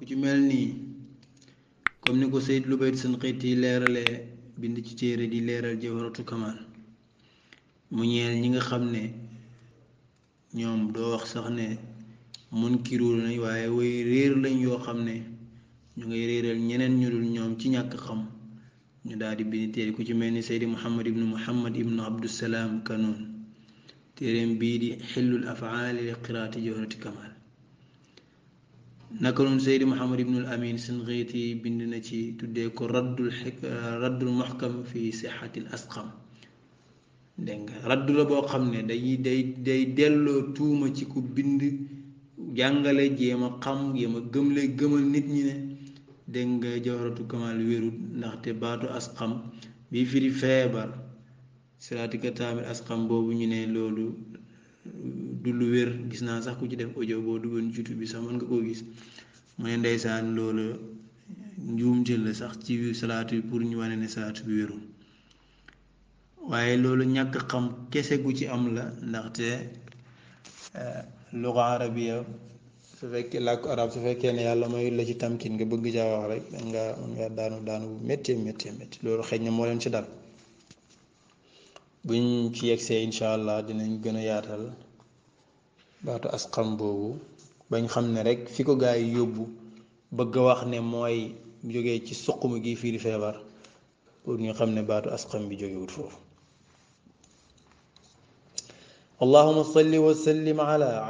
ku ci mel nii comme ni ko Sayyid Lubayt Sanqiti leeralee bind ci téere di leeral Jawharatul Kamal mu ñi nga xam ne ñoom doo wax sax ne munkiru nañ waaye way réer lañ yoo xam ne ñu ngay réeral ñeneen ñu dul ñoom ci ñàkk xam ñu daal di bind téere ku ci mel ni Seydi Muhammad ibnu Muhammad ibnu Abdusalaam Kanuun téereem bii di xelul afaali li qiraati Jawharatul naka noonu Seydi Mouhamed Ibnul Amin Sinqiiti bind na ci tuddee ko raddul xik raddul muhkam fi sixatil asqam dégg nga la boo xam ne day day day delloo tuuma ci ku bind jàngale jéem a xam jéem a gëmle gëmal nit ñi ne dégg nga jawharatu kamal wérut ndaxte baatu asqam bi firi feebar siraati ka taamil asqam boobu ñu ne loolu du lu wér gis naa sax ku ci def audio boo duggoon YouTube bi sax mën nga koo gis mu ne ndeysaan loola jël la sax ci salaatu yi pour ñu wane ne salaatu bi wérul waaye loolu ñàkk xam kese gu ci am la ndaxte eh, luga arabiya su fekkee làkku arab su fekkee ne yàlla mayul la ci tamkin nga bëgg caa wax rek nga nga daanu daanu bu méttee méttee métti loolu xëy na moo leen ci dal buñ ci yegsee incha allah dinañ gën a yaatal baatu asqam boobu bañ xam ne rekk fi ko gaa yi yóbbu bëgg a wax ne mooy jóge ci suqum gi fii di feebar pour ñu xam ne baatu asqam bi jógewut foofu allahuma salli wa sallim ala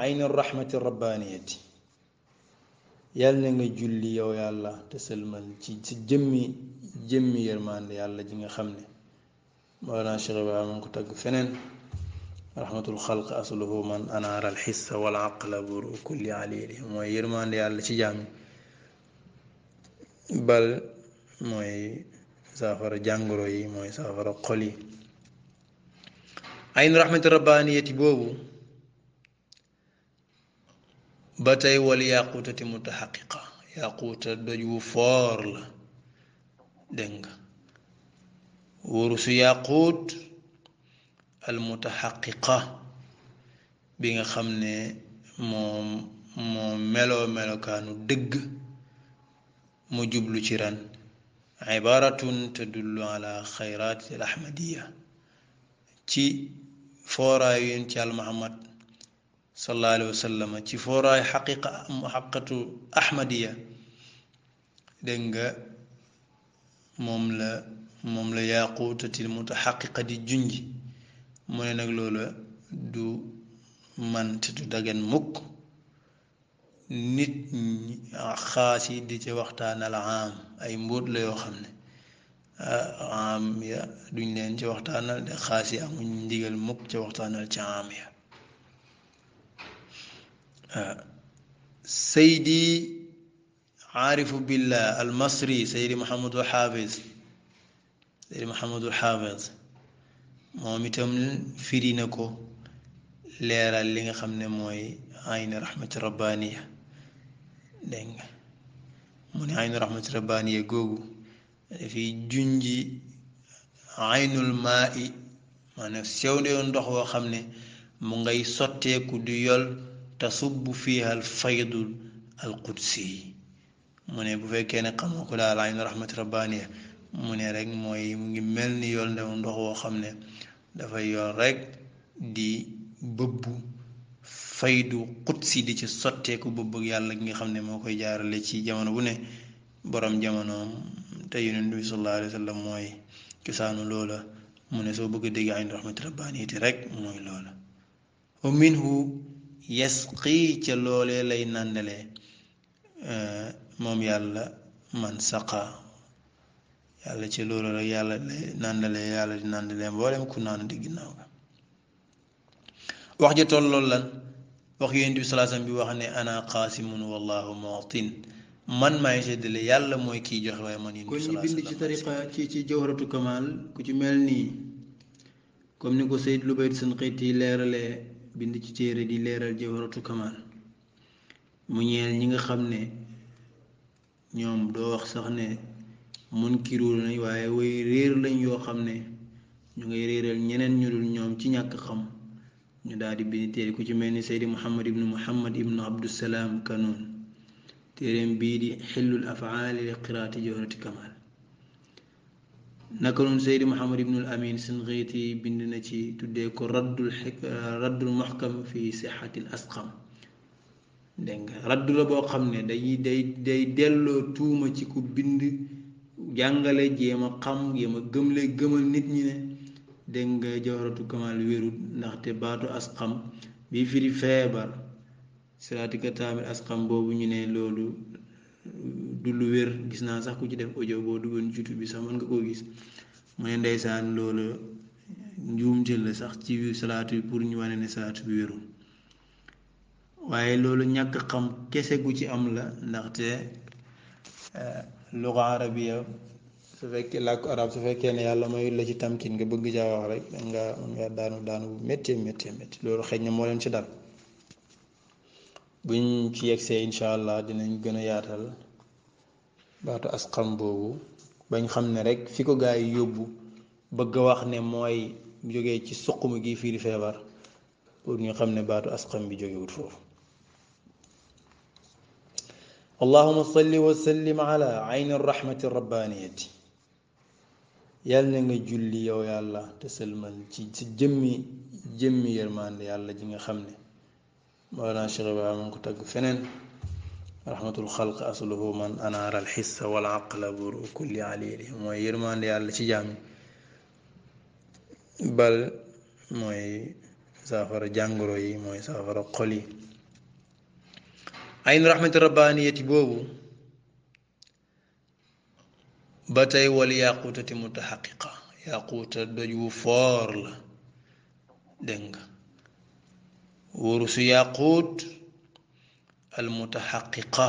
yàlla na nga julli yow yàlla te sëlmal ci ci jëmmi jëmmi yërmande yàlla ji nga xam ne Mawlana Cheikh Ibrahima ko tagg feneen رحمة الخلق أصله من أنار الحس والعقل برو كل عليل ويرمان ديال شجامي بل موي سافر جانغروي موي سافر قولي أين رحمة الرباني يتبوه باتاي ولي متحققة ياقوتة دجو فور دنگ ورسو ياقوت ورسو ياقوت المتحققة بين خمنة مو ملو ملو كانوا دق مجب لتران عبارة تدل على خيرات الأحمدية تي فورا ينتي على محمد صلى الله عليه وسلم تي فورا حقيقة محققة أحمدية دنجا مملا مملا ياقوتة المتحققة دي جنجي mu ne nag loola du man te du dagan mukk nit xaas yi di ci waxtaan al am ay mbóot la yoo xam ne am ya duñ leen ci waxtaanal de xaas yi amuñ ndigal mukk ci waxtaanal ci am ya saydi aarifu billah almasri saydi mahamadul xaafis saydi mahamadul xaafis moom itam firi na ko leeral li nga xam ne mooy aynu rahmati rabbaniya dégg nga mu ne aynu rahmati rabbaniya googu dafiy junji aynul maa i maanaam sew ndew ndox woo xam ne mu ngay sotteeku du yol tasubbu fiha al faydul al qudsi mu ne bu fekkee ne xamoo ko daal aynu rahmati rabbaniya mu ne rek mooy mu ngi mel ni yoon ndew ndox woo xam ne dafay yool rek di bëbbu faydu xutsi di ci sotteeku bëgg yàlla gi nga xam ne moo koy jaarale ci jamono bu ne borom jamono te yonent bi sallallahu alayhi mooy cosaanu loola mu ne soo bëgg a dégg ayn rahmati rabbaaniyati rek mooy loola wa minhu yasqi ca lay nàndale eh, moom yàlla man saqa yàlla ci loolu rek yàlla nàndale yàlla di nàndale mboolem ku naanu di ginnaaw ga wax ja toll loolu lan wax yonent bi salaasam bi wax ne ana qaasimun wallahu mu'tin man maay séddale yàlla mooy kii jox waaye man yonent bi salaasam kon ñu bind ci ku ci mel nii comme ni ko Seyd Lubayt yi leeralee bind ci téere di leeral jawharatu kamal mu ñeel ñi nga xam ne ñoom doo wax sax ne munkiru nañ waaye way réer lañ yoo xam ne ñu ngay réeral ñeneen ñu dul ñoom ci ñàkk xam ñu daldi di bind téere ku ci mel ni saydi muhammad ibnu muhammad ibnu abdusalaam kanoon bii di xillul afaali li qiraati joorati kamal naka noonu saydi muhammad ibnul amin sinqiiti bind na ci tuddee ko raddul raddul muhkam fi sixatil asqam dégg nga raddu la boo xam ne day day day delloo tuuma ci ku bind jàngale jéem a xam jéem a gëmle gëmal nit ñi ne dégg nga jawaratu kamal wérut ndaxte baatu asxam bi firi feebar siratika taamil asxam boobu ñu ne loolu du lu wér gis naa sax ku ci def ojo boo dugoon jutu bi sax mën nga koo gis mu ne ndeysaan loolu njuumtil la sax ci salaatu bi pour ñu wane ne salaatu bi wérul waaye loolu ñàkk xam kese gu ci am la ndaxte euh, luga arabiya su fekkee làkku arab su fekkee ne yàlla mayul la ci tamkin nga bëgg jaa wax rek mën nga nga daanu daanu bu métti métti métti loolu xëy ne moo leen ci dal buñ ci yegsee incha allah dinañ gën a yaatal baatu asqam boobu bañ xam ne rek fi ko gaa yi yóbbu bëgg a wax ne mooy jógee ci suqum gi fii di feebar pour ñu xam ne baatu asqam bi jógewut foofu allahuma salli wa sallim ala ayni rahmati rabbaniyati yàlla na nga julli yow yàlla te sëlmal ci si jëmmi jëmmi yërmande yàlla ji nga xam ne maolana cheikh ibrahima mu ngi ko tagg feneen rahmatul xalq asluhu man anaara alxissa wal aqla buru kulli alili mooy yërmande yàlla ci jaami bal mooy saafara jàngoro yi mooy saafara xol yi ayn rahmati rabbaniyati boobu ba tey wal yaquutati mutahaqiqa yaquuta doju foor la dégg nga wurusu yaquut al mutahaqiqa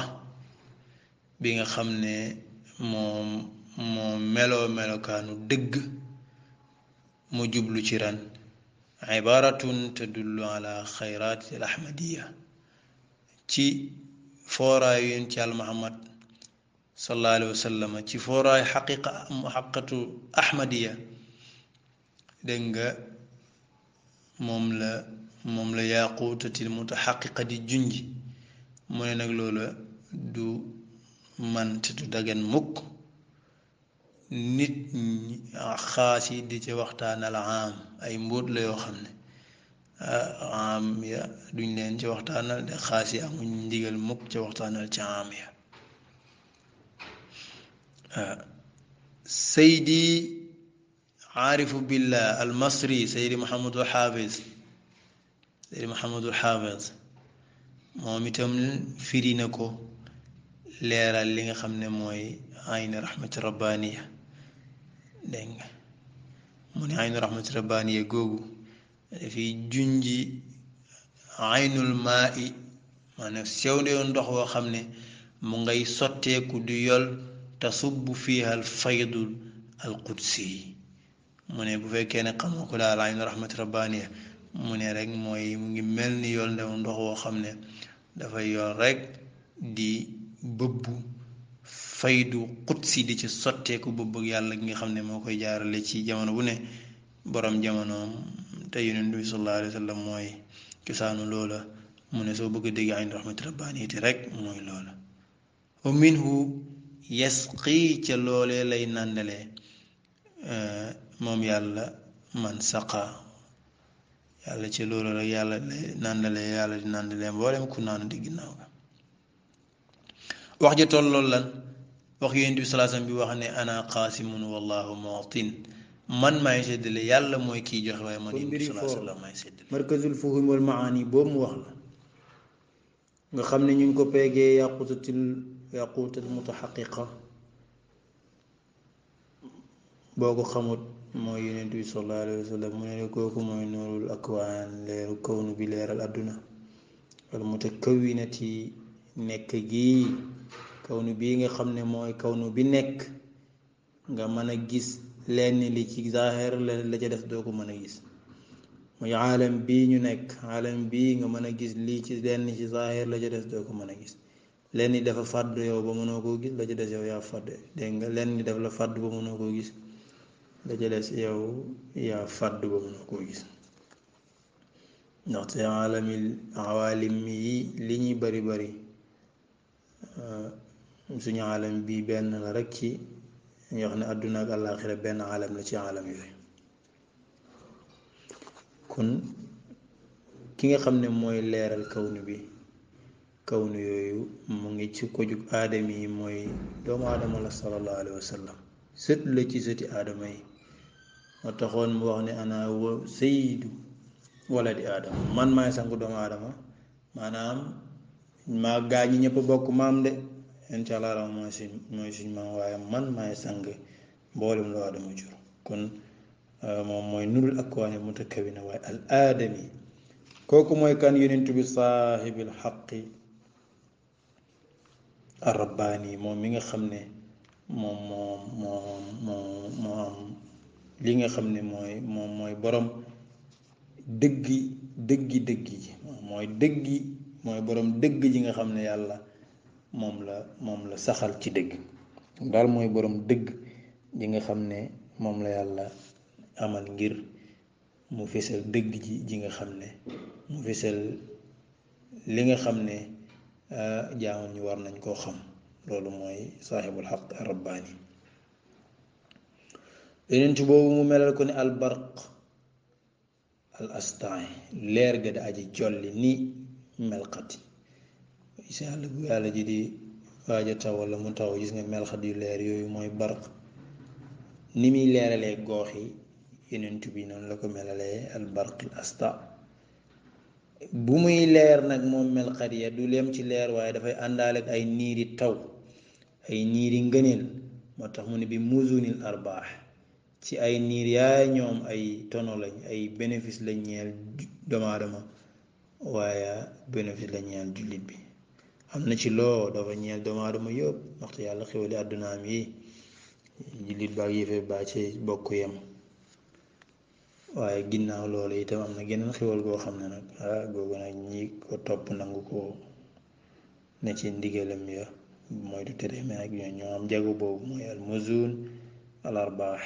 bi nga xam ne moom moo meloo melokaanu dëgg mu jublu ci ran ibaratun tadullu ala xayraati al ahmadiya ci fooraayu yéen ci muhammad sallallahu alayhi wa ci fooraayu xaqiqa mu ahmadiya dégg nga moom la moom la yaquutatil mutaxaqiqa di junji mu ne nag loola du man te du dagan mukk nit ñi xaas yi di ci waxtaanal am ay mbóot la yoo xam ne Ambia duñ len ci waxtanal de xaas yi amuñ ndigal mukk ci waxtanal ci Ambia سيدي عارف بالله المصري سيدي محمد الحافظ سيدي محمد الحافظ مومتم فرينكو ليرال ليغا خامني موي عين رحمه ربانيه دنج من عين رحمه ربانيه جوجو dafay junji aynul maa i sew ndewu ndox woo xam ne mu ngay sotteeku du yol tasubbu fiha al faydul al qudsi mu ne bu fekkee ne xamoo ko daal aynu rahmati rabbaniya mu ne rek mooy mu ngi mel ni yool ndew ndox woo xam ne dafay yool rek di bëbbu faydu qudsi di ci sotteeku bëbbug yàlla gi nga xam ne moo koy jaarale ci jamono bu ne boroom jamonoom te yonent bi sallallahu alayhi mooy cosaanu loola mu ne soo bëgg a dégg ayn rahmati rabbaaniyati rek mooy loola wa minhu ca loolee lay nàndale eh, moom yàlla man saqa yàlla ca loola rek yàlla lay nàndale yàlla di nàndale mboolem ku naanu di ginnaaw ga wax ja toll loolu lan wax yonent bi sallallahu alayhi wa bi wax ne ana qaasimun wallahu mu'tin man maay séddale yàlla mooy kiy joxe waaye man yéen sallallahu alayhi wa sallam maay séddale markazul fuhum wal maani boobu mu wax la nga xam ne ñu ngi ko peegee yaquutatil yaquutal mutaxaqiqa boo ko xamut mooy yonent bi sallallahu alayhi wa sallam mu ne kooku mooy nuurul akwaan leeru kawnu bi leeral àdduna wal mutakawinati nekk gii kawnu bii nga xam ne mooy kawnu bi nekk nga mën a gis lenn li ci zaahir lenn la ca def doo ko mën a gis muy aalam bii ñu nekk aalam bii nga mën a gis lii ci lenn ci zaahir la ca des doo ko mën a gis lenn dafa fàdd yow ba mënoo koo gis la ca des yow yaa fàdd dégg nga ba mënoo koo gis la ca des yow yi li ñuy bari bari ah, suñu aalam bii benn la rek ci dañuy wax ne àdduna ak àllaaxira benn alam la ci alam yooyu kon ki nga xam ne mooy leeral kawnu bi kawnu yooyu mu ngi ci ko jug aadama yi mooy doomu aadama la sallallahu alayhi wa sallam la ci sëti aadama yi moo taxoon mu wax ne ana wa sayyidu di aadama man maay sangu doomu aadama maanaam maa gaa ñi bokk maam de incha allah raw mooy suñ mooy suñ maam waaye man maay sang mboolem lu aadama jur kon euh, moom mooy nurul akwaani mutakawina waaye al aadami kooku mooy kan yonent bi saahibil xaqi ar rabbaani moom mi nga xam ne moom moo moo moo moo am li nga xam ne mooy moom mooy boroom dëggi dëggi dëgg ji mooy dëggi mooy borom dëgg ji nga xam ne yàlla moom la moom la saxal ci dëgg daal mooy boroom dëgg ji nga xam ne moom la yàlla amal ngir mu fésal dëgg ji ji nga xam ne mu fésal li nga xam ne ah, jaamu ñu war nañ koo xam loolu mooy saaxibul xaq rabbaani yeneen ci boobu mu melal ko ne albarq al astan leer ga da aji jolli ni melxati gis yàlla bu yàlla ji di waaja taw wala mu taw gis nga melxat yu leer yooyu mooy barq ni muy leeralee goox yi yeneentu bi noonu la ko melalee al barqil asta bu muy leer nag moom melxat ya du lem ci leer waaye dafay àndaale ak ay niiri taw ay niiri ngëneel moo tax mu ne bi muzunil arbaax ci ay niir yaay ñoom ay tono lañ ay bénéfice la ñeel doomu aadama waaye bénéfice la ñeel jullit bi am na ci loo dafa ñeel doomu aadama yëpp waxtu yàlla xéwali àddunaam yi jullit baag yëfe baa ci bokk yem waaye ginnaaw loolu itam am na geneen xéwal goo xam ne nag ah googu nag ñi ko topp nangu ko ne ci ndigalam ya mooy du tere mais nag ñoo ñoo am jagu boobu mooy almuzun al arbaax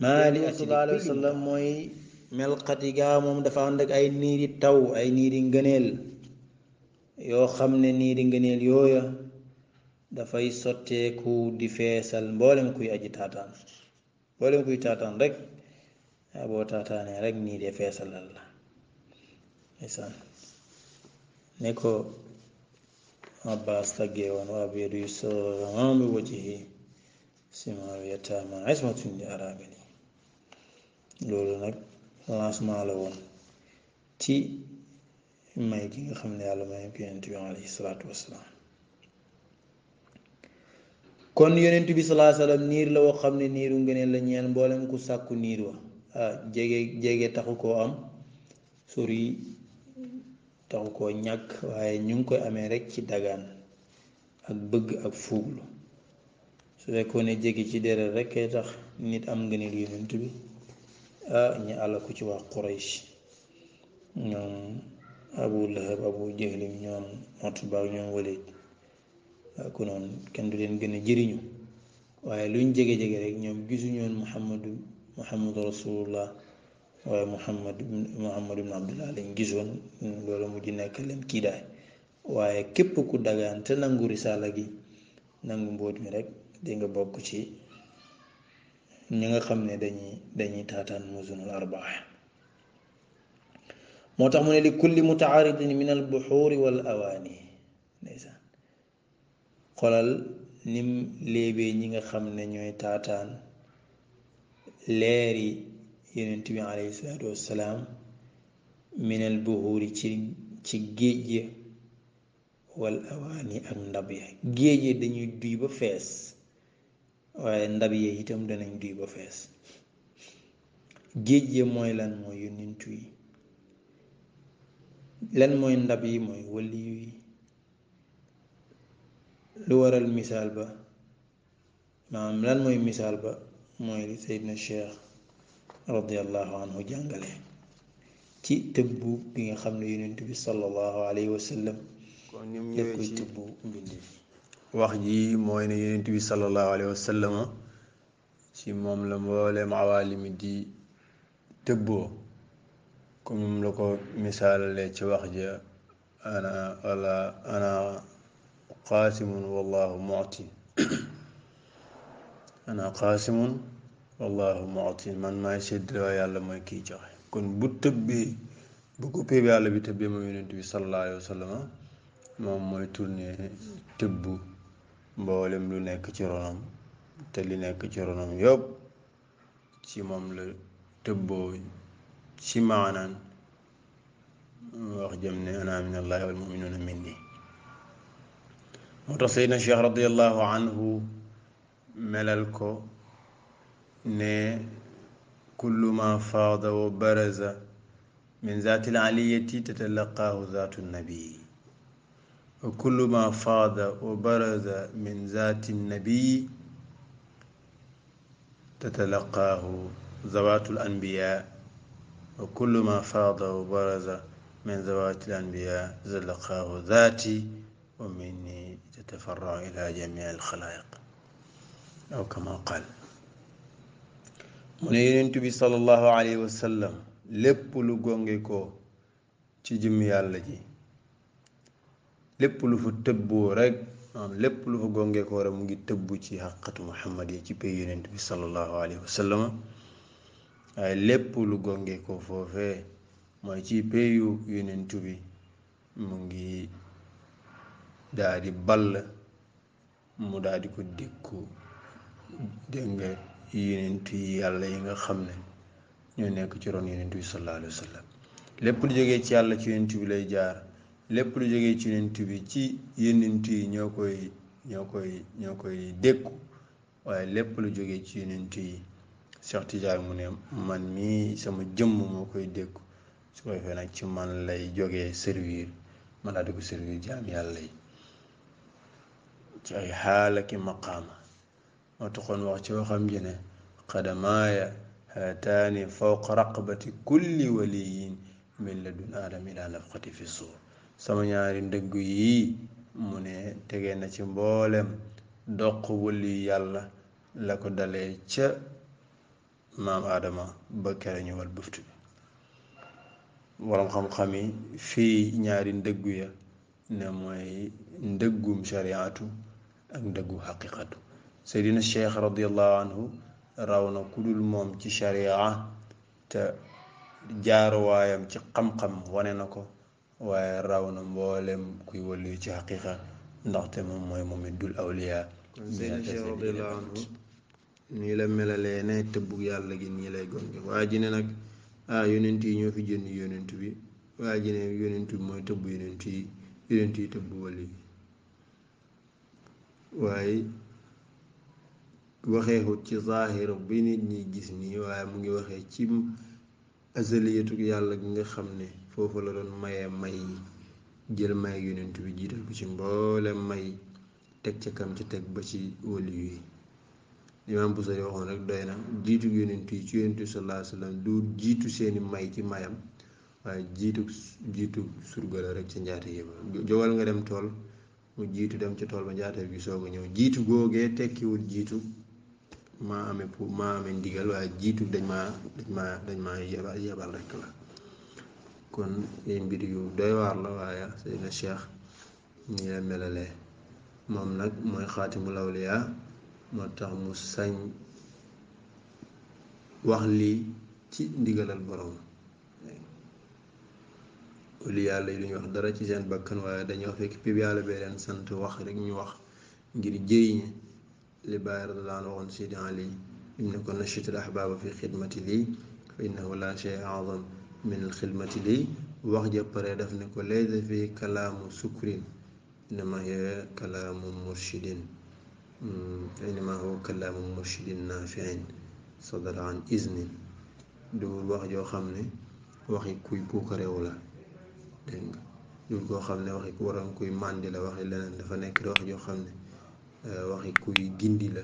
maa li mooy melxati gaa moom dafa ànd ak ay niiri taw ay niiri ngëneel yoo xam ne nii di ngëneel yooya dafay sotteeku di feesal mboolem kuy aji taataan mboolem kuy taataan rek nii de feesalal la isan ne ko abbas taggee woon waa bi yadu yusra bi wajhihi simaa bi yataama ismatun li arabili loolu nag lancement la woon ci may gi nga xam ne yàlla may ko yonent bi alayhi salaatu wassalaam kon yonent bi salaa salaam niir la woo xam ne niiru ngëneel la ñeel mboolem ku sàkku niir wa jege jege taxu koo am sori taxu koo ñàkk waaye ñu ngi koy amee rek ci dagaan ak bëgg ak fuuglu su fekkoon ne jege ci deret rek kay tax nit am ngëneel yonent bi ah ñu àll ku ci wax Quraysh abu lahab abu jahlim ñoom Utba ñoom Walid ku noonu kenn du leen gën a jëriñu waaye luñ jege-jege rek ñoom gisuñoon muhammadu muhammadu rasulullah waaye muhammad muhammad ibn abdullah lañ gisoon loolu mujj nekk leen kii daay waaye képp ku dagaan te nangu risaala gi nangu mbóot mi rek di nga bokk ci ñi nga xam ne dañuy dañuy taataan musunul arbaa moo tax mu ne li kulli mutaaridin min al buxuuri wal awaani ndeysaan xolal nim léebee ñi nga xam ne ñooy taataan leeri yonent bi alayhi salaatu wassalaam min al buxuuri ci ci géej ya wal awaani ak ndab ya géej ya dañuy duy ba fees waaye ndab ya itam danañ duy ba fees géej ya mooy lan mooy yonent lan mooy ndab yi mooy wali yi lu waral misaal ba maanaam lan mooy misaal ba mooy li Seydina Cheikh radiallahu anhu jàngale ci tëbbu bi nga xam ne yonent bi sallallahu alayhi wa sallam daf koy tëbbu mbindeef wax ji mooy ne yonent bi sallallahu alayhi wa sallam ci moom la mbooleem awaalimi di tëbboo comme ni mu la ko misaalalee ci wax ja ana wala ana qaasimun wallahu muti ana qaasimun wallahu muti man maay séddale waaye yàlla mooy kii joxe kon bu tëbbee bu ko péeb yàlla bi tëbbee moom yonent bi sallallahu alayhi wa sallam moom mooy tourné tëbb mboolem lu nekk ci ronam te li nekk ci ronam yëpp ci moom la tëbboo شمعنا واخجمني انا من الله والمؤمنون مني مرة سيدنا الشيخ رضي الله عنه مللكو ني كل ما فاض وبرز من ذات العلية تتلقاه ذات النبي وكل ما فاض وبرز من ذات النبي تتلقاه ذوات الأنبياء وكل ما فاض وبرز من ذوات الأنبياء زلقاه ذاتي ومني تتفرع إلى جميع الخلائق أو كما قال من يرين تبي صلى الله عليه وسلم لب لغونغيكو تجمع اللجي لب لفو تبو رك لب لفو غونغيكو رمجي تبو تي حقة محمد يجي بي يرين تبي صلى الله عليه وسلم lépp lu gonge ko foofee mooy ci peyu yonent bi mu ngi daadi di ball mu daa di ko dékku dégg nga yonent yi yàlla yi nga xam ne ñoo nekk ci ron yonent bi sallallahu alayhi wa sallam lépp lu jóge ci yàlla ci yonent bi lay jaar lépp lu jóge ci yonent bi ci yonent yi ñoo koy ñoo koy ñoo koy dékku waaye lépp lu jóge ci yonent yi Cheikh Tidiane mu ne man mii sama jëmm moo koy dékku su ko defee nag ci man lay jógee servir man daa di ko servir jaam yàlla yi ci ay xaalaki maqaama moo taxoon wax ci waxam ji ne xadamaaya haataani fawqa raqabati kulli waliyin min ladun aadam ilaa nafxati fi suur sama ñaari ndëgg yii mu ne tegee na ci mboolem doq wali yàlla la ko dalee ca maam aadama ba kere ñu wal bëft bi boroom xam-xam yi fii ñaari ndëggu ya ne mooy ndëggum shariatu ak ndëggu xaqiqatu seydina cheikh radiallahu raw na ku moom ci sharia te jaaruwaayam ci xam-xam wane na ko waaye raw na mboolem kuy wëllu ci xaqiqa ndaxte moom mooy moom it dul awliya nii la melalee ne tëbbug yàlla gi nii lay gonge waa ji nag ah yonent yi ñoo fi jënd yonent bi waa ji ne mooy tëbb yonent yi yonent yi tëbb waaye waxeexut ci zaahir bi nit ñi gis nii waaye mu ngi waxee ci azaliyatuk yàlla gi nga xam ne foofu la doon mayee may jël may yonent bi jiital ko ci mboolem may teg ca kam ci teg ba ci wali yi limaam bu sori waxoon rek doy na jiitu yonent yi ci yonent yi sallallahu alayhi du jiitu seeni may ci mayam waaye jiitu jiitu surga la rek ci njaate yi jógal nga dem tool mu jiitu dem ci tool ba njaateef bi soog a ñëw jiitu googee tekkiwul jiitu maa amee pour maa amee ndigal waaye jiitu dañ maa dañ maa dañ maa rek la kon ay mbir yu doy waar la waaye Seydina Cheikh ñu la melalee moom nag mooy xaatimu lawliyaa moo tax mu sañ wax lii ci ndigalal borom lu yàlla yi duñu wax dara ci seen bakkan waaye dañoo fekk pib yàlla bee leen sant wax rek ñu wax ngir jëriñe li bàyyi radiyallaahu anhu waxoon Sidi Ali im ne ko nachital ahbaaba fi xidmati lii fa innahu la shay azam min al xidmati lii wax ja pare daf ne ko laysa fi kalaamu sukrin innama hiya kalaamu murshidin innamaa huwa kalaamu murshidin naafiin sadara an iznin duwul wax joo xam ne waxi kuy puukarewu la dégg nga duwul koo xam ne waxi waroon kuy màndi la waxi leneen dafa nekk wax joo xam ne euh, waxi kuy gindi la